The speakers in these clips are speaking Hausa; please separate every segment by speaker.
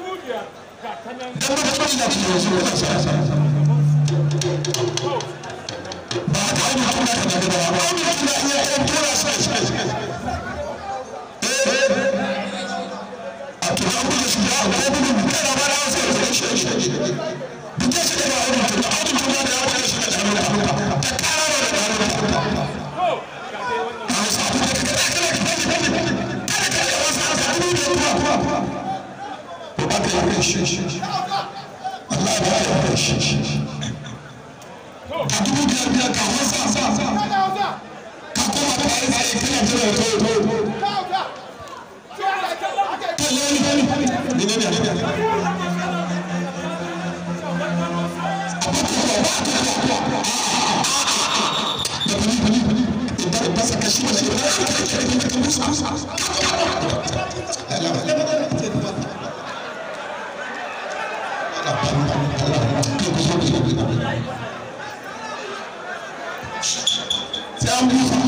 Speaker 1: Thank you. Tell me.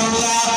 Speaker 1: Allah Allah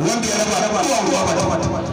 Speaker 1: wanda ya raba raba kowa ba ta mata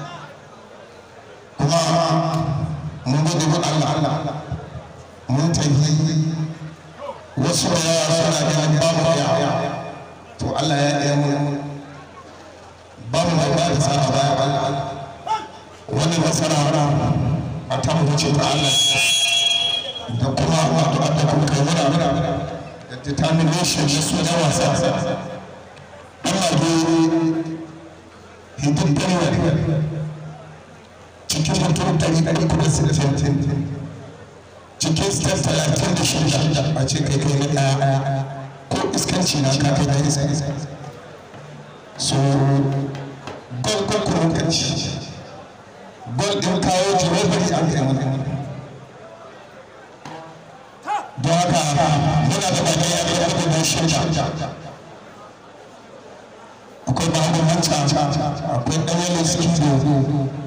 Speaker 1: dubi Allah mun tafi wasu ya suna ganin babu ya to Allah ya ɗaya mu babu mai ba da tsara bayan Allah wani nasara a ta mu ce ta Allah da kuma addu'a da kuma kai muna muna da determination na su na wasa Allah dai hidin tarwa cikin mutum yi ɗari kuma sittin cikin sittin talatin da shida a ce kai kai na ɗaya ko iskanci na ka kai kai iskanci so gol gol kuma kanci gol ɗin kawo jawabari a kai mutum don haka muna da bakin ya kai abubuwan shida akwai babu manta akwai ɗanyen da suke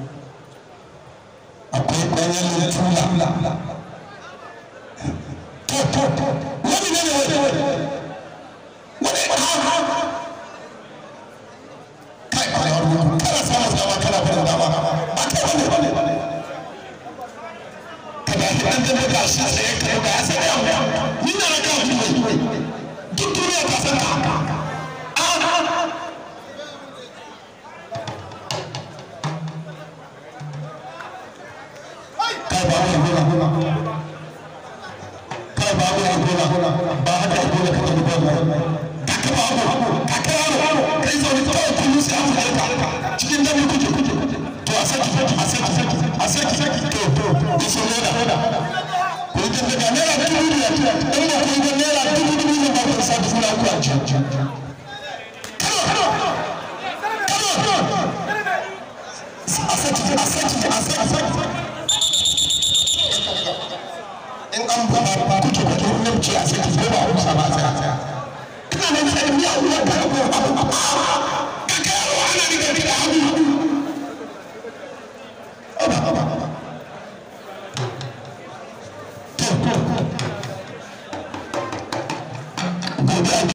Speaker 1: tashi ba bola bola ba hada bola ka cikin dami kuke kuke to a saki a saki ba kuke da ɗan namci a suka sai a hausa ba suka kana nan sai miya uwar ta ga ko abu ka kawo ana riga da hannu